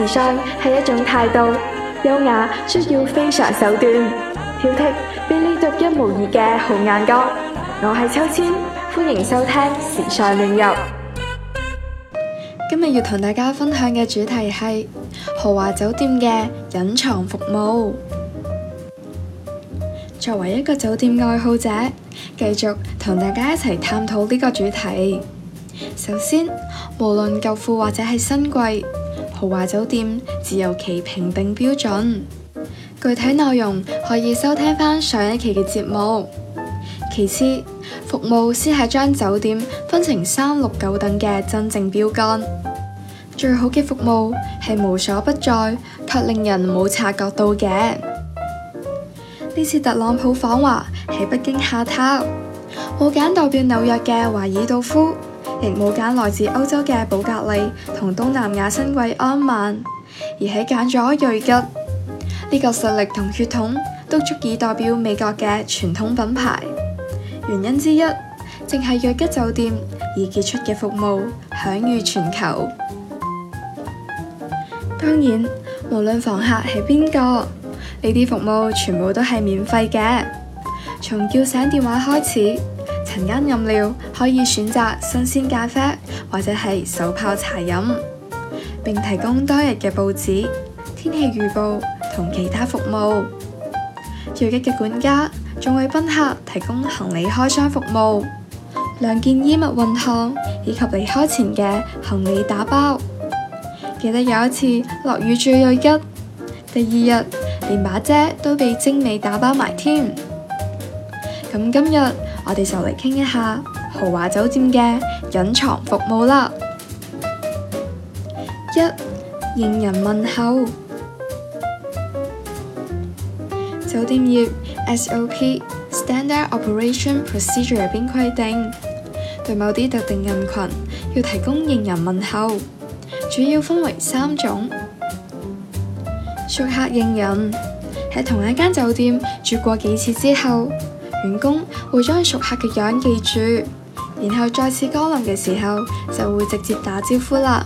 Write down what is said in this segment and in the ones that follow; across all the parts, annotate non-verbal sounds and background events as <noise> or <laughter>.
時尚係一種態度，優雅需要非常手段，挑剔，俾你獨一無二嘅好眼光。我係秋千，歡迎收聽時尚亂入。今日要同大家分享嘅主題係豪華酒店嘅隱藏服務。作為一個酒店愛好者，繼續同大家一齊探討呢個主題。首先，無論舊褲或者係新貴。豪華酒店自有其評定標準，具體內容可以收聽翻上一期嘅節目。其次，服務先係將酒店分成三六九等嘅真正標杆。最好嘅服務係無所不在，卻令人冇察覺到嘅。呢次特朗普訪華喺北京下榻，我揀代表紐約嘅華爾道夫。亦冇揀來自歐洲嘅寶格麗同東南亞新貴安缦，而係揀咗瑞吉。呢個實力同血統都足以代表美國嘅傳統品牌。原因之一，正係瑞吉酒店而傑出嘅服務享譽全球。當然，無論房客係邊個，呢啲服務全部都係免費嘅，從叫醒電話開始。晨間飲料可以選擇新鮮咖啡，或者係手泡茶飲，並提供當日嘅報紙、天氣預報同其他服務。瑞吉嘅管家仲為賓客提供行李開箱服務、兩件衣物熨燙以及離開前嘅行李打包。記得有一次落雨住瑞吉，第二日連把遮都被精美打包埋添。咁今日，我哋就嚟傾一下豪華酒店嘅隱藏服務啦。一、認人問候，酒店業 SOP（Standard Operation Procedure） 入邊規定，對某啲特定人群要提供認人問候，主要分為三種：熟客認人，喺同一間酒店住過幾次之後。員工會將熟客嘅樣記住，然後再次光臨嘅時候就會直接打招呼啦。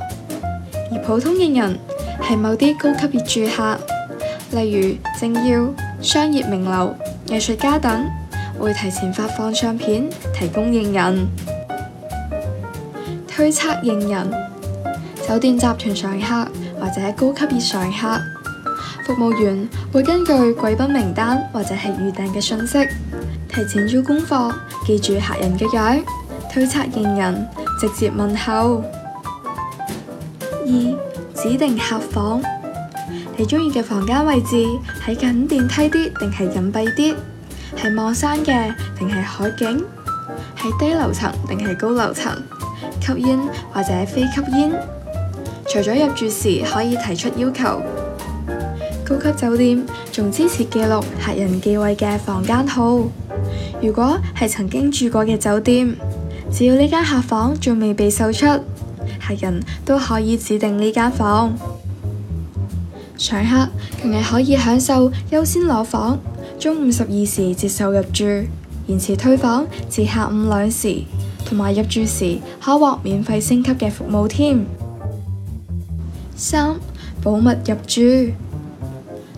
而普通認人係某啲高級別住客，例如政要、商業名流、藝術家等，會提前發放相片提供認人。推測認人，酒店集團常客或者高級別常客，服務員會根據貴賓名單或者係預訂嘅信息，提前做功課，記住客人嘅樣，推測認人，直接問候。二，指定客房，你中意嘅房間位置，喺近電梯啲定係隱蔽啲？係望山嘅定係海景？喺低樓層定係高樓層？吸煙或者非吸煙？除咗入住時可以提出要求，高級酒店仲支持記錄客人忌諱嘅房間號。如果係曾經住過嘅酒店，只要呢間客房仲未被售出，客人都可以指定呢間房。 <noise> 常客，更係可以享受優先攞房，中午十二時接受入住，延遲退房至下午兩時，同埋入住時可獲免費升級嘅服務添。 <noise> 三，保密入住，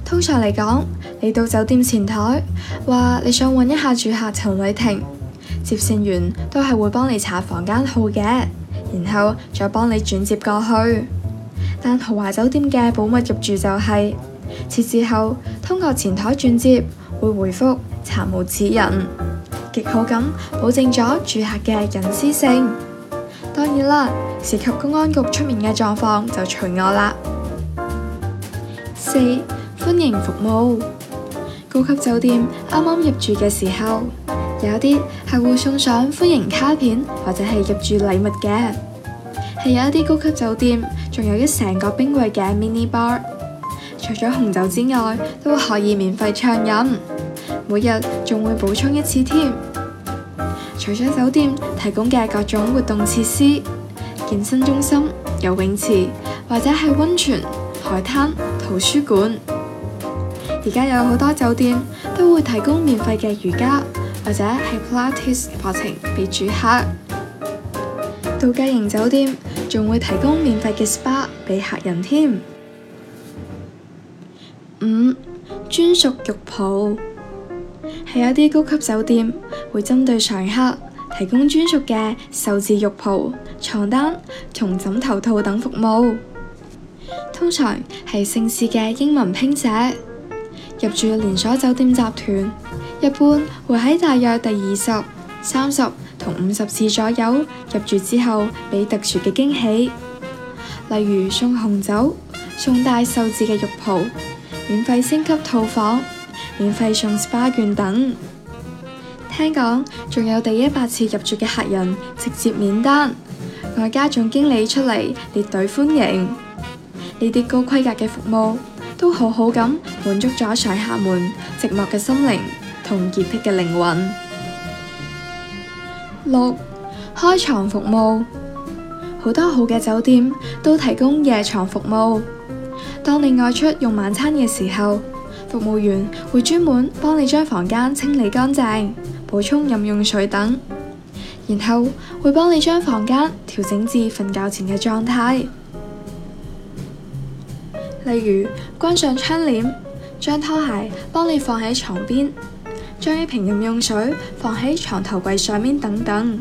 通常嚟講，嚟到酒店前台，話你想揾一下住客陳偉霆，接線員都係會幫你查房間號嘅，然後再幫你轉接過去。但豪華酒店嘅保密入住就係設置後，通過前台轉接會回覆查無此人，極好咁保證咗住客嘅隱私性。當然啦，涉及公安局出面嘅狀況就除外啦。四、歡迎服務。高級酒店啱啱入住嘅時候，有啲係會送上歡迎卡片或者係入住禮物嘅。係有一啲高級酒店，仲有一成個冰櫃嘅 mini bar，除咗紅酒之外，都可以免費暢飲，每日仲會補充一次添。除咗酒店提供嘅各種活動設施，健身中心、游泳池或者係溫泉、海灘、圖書館。而家有好多酒店都會提供免費嘅瑜伽或者係普拉提課程俾住客。度假型酒店仲會提供免費嘅 SPA 俾客人添。五、專屬浴袍係有啲高級酒店會針對常客提供專屬嘅繡字浴袍、床單同枕頭套等服務。通常係姓氏嘅英文拼寫。入住連鎖酒店集團，一般會喺大約第二十、三十同五十次左右入住之後，俾特殊嘅驚喜，例如送紅酒、送大壽字嘅浴袍、免費升級套房、免費送 SPA 券等。聽講仲有第一百次入住嘅客人直接免單，外加總經理出嚟列隊歡迎呢啲高規格嘅服務。都好好咁滿足咗上下們寂寞嘅心靈同潔癖嘅靈魂。六，開床服務，好多好嘅酒店都提供夜床服務。當你外出用晚餐嘅時候，服務員會專門幫你將房間清理乾淨，補充飲用水等，然後會幫你將房間調整至瞓覺前嘅狀態。例如，關上窗簾，將拖鞋幫你放喺床邊，將一瓶飲用水放喺床頭櫃上面等等。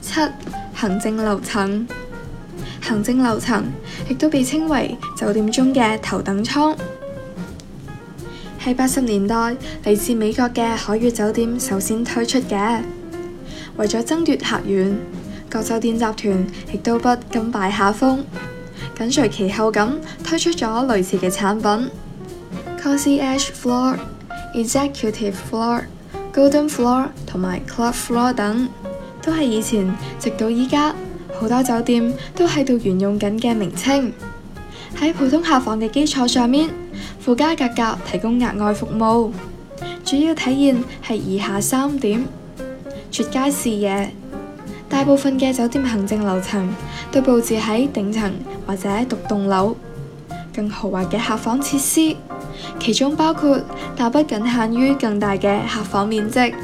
七，行政樓層，行政樓層亦都被稱為酒店中嘅頭等艙，係八十年代嚟自美國嘅凱悅酒店首先推出嘅，為咗爭奪客源。各酒店集團亦都不甘拜下風，緊隨其後咁推出咗類似嘅產品，Concierge Floor、Edge Floor、Executive Floor、Golden Floor 同埋 Club Floor 等，都係以前直到依家好多酒店都喺度沿用緊嘅名稱。喺普通客房嘅基礎上面，附加價格提供額外服務，主要體現係以下三點：絕佳視野。大部分嘅酒店行政樓層，都布置喺頂層或者獨棟樓，更豪華嘅客房設施，其中包括但不僅限於更大嘅客房面積、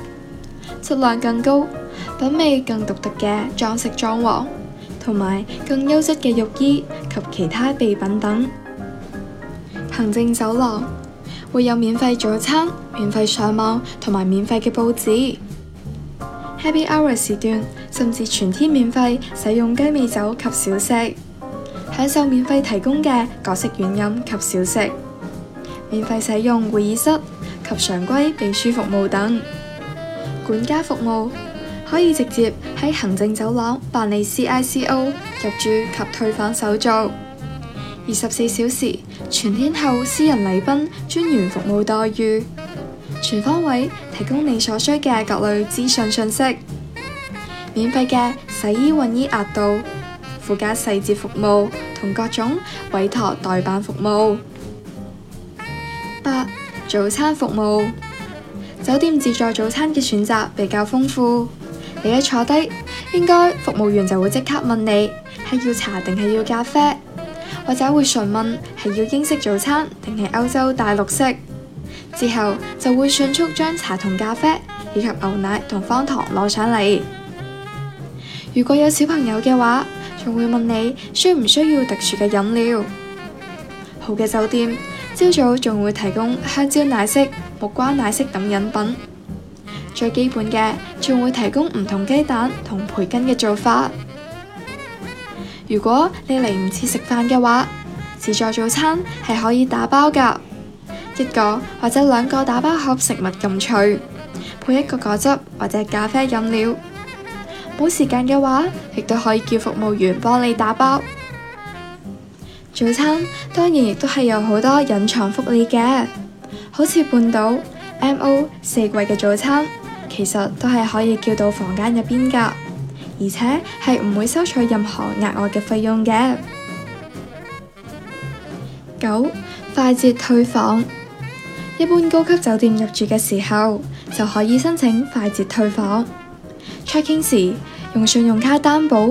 質量更高、品味更獨特嘅裝飾裝潢，同埋更優質嘅浴衣及其他備品等。行政走廊會有免費早餐、免費上網同埋免費嘅報紙。Happy Hour 時段，甚至全天免費使用雞尾酒及小食，享受免費提供嘅各式軟飲及小食，免費使用會議室及常規秘書服務等管家服務，可以直接喺行政走廊辦理 CICO 入住及退房手續，二十四小時全天候私人禮賓專員服務待遇。全方位提供你所需嘅各類資訊信息，免費嘅洗衣熨衣額度，附加細節服務同各種委託代辦服務。八早餐服務，酒店自助早餐嘅選擇比較豐富。你一坐低，應該服務員就會即刻問你係要茶定係要咖啡，或者會詢問係要英式早餐定係歐洲大陸式。之後就會迅速將茶同咖啡以及牛奶同方糖攞上嚟。如果有小朋友嘅話，仲會問你需唔需要特殊嘅飲料。好嘅酒店朝早仲會提供香蕉奶昔、木瓜奶昔等飲品。最基本嘅仲會提供唔同雞蛋同培根嘅做法。如果你嚟唔切食飯嘅話，自助早餐係可以打包㗎。一個或者兩個打包盒食物咁脆，配一個果汁或者咖啡飲料。冇時間嘅話，亦都可以叫服務員幫你打包。早餐當然亦都係有好多隱藏福利嘅，好似半島、MO、四季嘅早餐，其實都係可以叫到房間入邊㗎，而且係唔會收取任何額外嘅費用嘅。九、快捷退房。一般高級酒店入住嘅時候就可以申請快捷退房，Check in 時用信用卡擔保。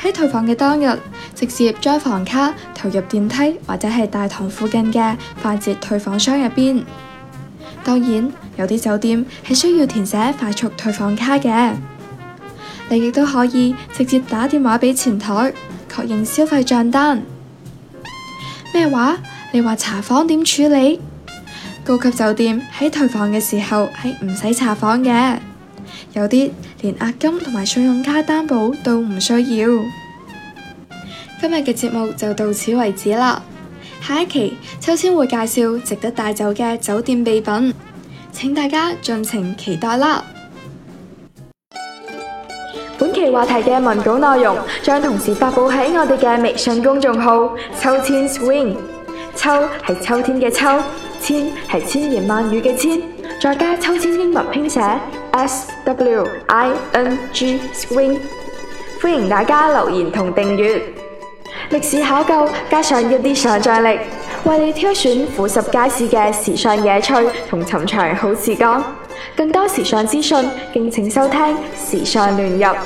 喺退房嘅當日，直接將房卡投入電梯或者係大堂附近嘅快捷退房箱入邊。當然有啲酒店係需要填寫快速退房卡嘅，你亦都可以直接打電話畀前台確認消費賬單。咩話？你話查房點處理？高級酒店喺退房嘅時候係唔使查房嘅，有啲連押金同埋信用卡擔保都唔需要。今日嘅節目就到此為止啦，下一期秋千會介紹值得帶走嘅酒店備品，請大家盡情期待啦。本期話題嘅文稿內容將同時發布喺我哋嘅微信公眾號“秋千 swing”，秋係秋天嘅秋。千係千言萬語嘅千，再加秋千英文拼寫 S W I N G Swing。歡迎大家留言同訂閱。歷史考究加上一啲想象力，為你挑選富十街市嘅時尚野趣同尋常好時光。更多時尚資訊，敬請收聽《時尚亂入》。